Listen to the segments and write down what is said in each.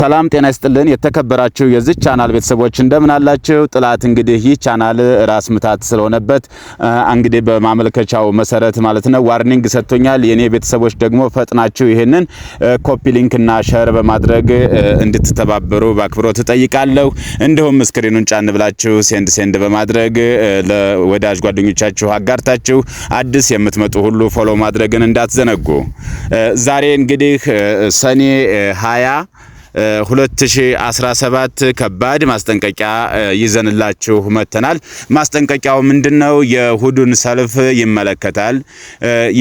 ሰላም ጤና ይስጥልን። የተከበራችሁ የዚህ ቻናል ቤተሰቦች እንደምን አላችሁ? ጥላት እንግዲህ ይህ ቻናል ራስ ምታት ስለሆነበት እንግዲህ በማመልከቻው መሰረት ማለት ነው ዋርኒንግ ሰጥቶኛል። የኔ ቤተሰቦች ደግሞ ፈጥናችሁ ይሄንን ኮፒ ሊንክ እና ሸር በማድረግ እንድትተባበሩ በአክብሮት እጠይቃለሁ። እንዲሁም ስክሪኑን ጫን ብላችሁ ሴንድ ሴንድ በማድረግ ለወዳጅ ጓደኞቻችሁ አጋርታችሁ አዲስ የምትመጡ ሁሉ ፎሎ ማድረግን እንዳትዘነጉ። ዛሬ እንግዲህ ሰኔ 20 2017 ከባድ ማስጠንቀቂያ ይዘንላችሁ መተናል። ማስጠንቀቂያው ምንድነው? የእሁዱን ሰልፍ ይመለከታል።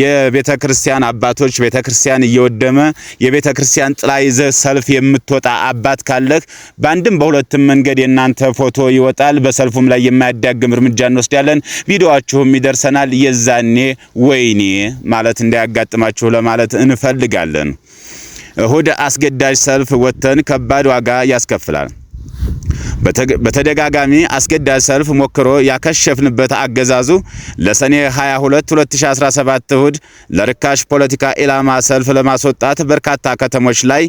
የቤተ ክርስቲያን አባቶች ቤተ ክርስቲያን እየወደመ የቤተ ክርስቲያን ጥላ ይዘ ሰልፍ የምትወጣ አባት ካለህ በአንድም በሁለትም መንገድ የእናንተ ፎቶ ይወጣል። በሰልፉም ላይ የማያዳግም እርምጃ እንወስዳለን። ቪዲዮአችሁም ይደርሰናል። የዛኔ ወይኔ ማለት እንዳያጋጥማችሁ ለማለት እንፈልጋለን። እሁድ አስገዳጅ ሰልፍ ወጥተን ከባድ ዋጋ ያስከፍላል። በተደጋጋሚ አስገዳጅ ሰልፍ ሞክሮ ያከሸፍንበት አገዛዙ ለሰኔ 22 2017 እሁድ ለርካሽ ፖለቲካ ኢላማ ሰልፍ ለማስወጣት በርካታ ከተሞች ላይ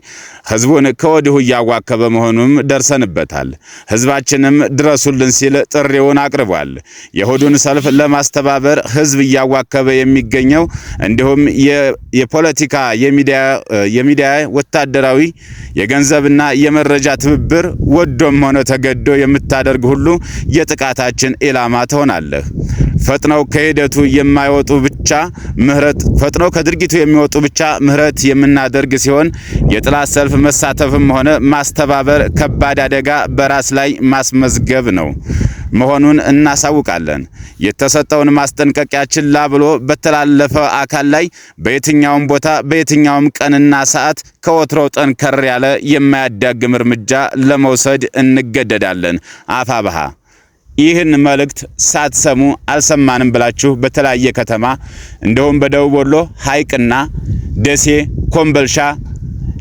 ህዝቡን ከወዲሁ እያዋከበ መሆኑም ደርሰንበታል። ህዝባችንም ድረሱልን ሲል ጥሪውን አቅርቧል። የእሁዱን ሰልፍ ለማስተባበር ህዝብ እያዋከበ የሚገኘው እንዲሁም የፖለቲካ የሚዲያ ወታደራዊ የገንዘብና የመረጃ ትብብር ወዶም ሆነ ተገ ተገዶ የምታደርግ ሁሉ የጥቃታችን ኢላማ ትሆናለህ። ፈጥነው ከሂደቱ የማይወጡ ብቻ ምህረት ፈጥነው ከድርጊቱ የሚወጡ ብቻ ምህረት የምናደርግ ሲሆን የጥላት ሰልፍ መሳተፍም ሆነ ማስተባበር ከባድ አደጋ በራስ ላይ ማስመዝገብ ነው። መሆኑን እናሳውቃለን። የተሰጠውን ማስጠንቀቂያ ችላ ብሎ በተላለፈ አካል ላይ በየትኛውም ቦታ በየትኛውም ቀንና ሰዓት ከወትሮው ጠንከር ያለ የማያዳግም እርምጃ ለመውሰድ እንገደዳለን። አፋብሃ ይህን መልእክት ሳትሰሙ አልሰማንም ብላችሁ በተለያየ ከተማ እንደውም በደቡብ ወሎ ሐይቅና ደሴ ኮምበልሻ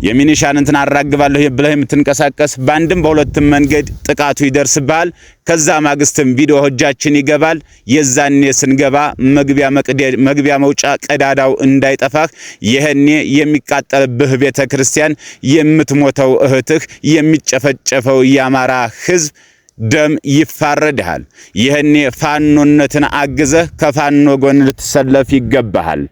የሚኒሻን እንትን አራግባለሁ ብለህ የምትንቀሳቀስ በአንድም በሁለትም መንገድ ጥቃቱ ይደርስብሃል። ከዛ ማግስትም ቪዲዮ እጃችን ይገባል። የዛኔ ስንገባ መግቢያ መውጫ ቀዳዳው እንዳይጠፋህ፣ ይህኔ የሚቃጠልብህ ቤተ ክርስቲያን፣ የምትሞተው እህትህ፣ የሚጨፈጨፈው የአማራ ህዝብ ደም ይፋረድሃል። ይህኔ ፋኖነትን አግዘህ ከፋኖ ጎን ልትሰለፍ ይገባሃል።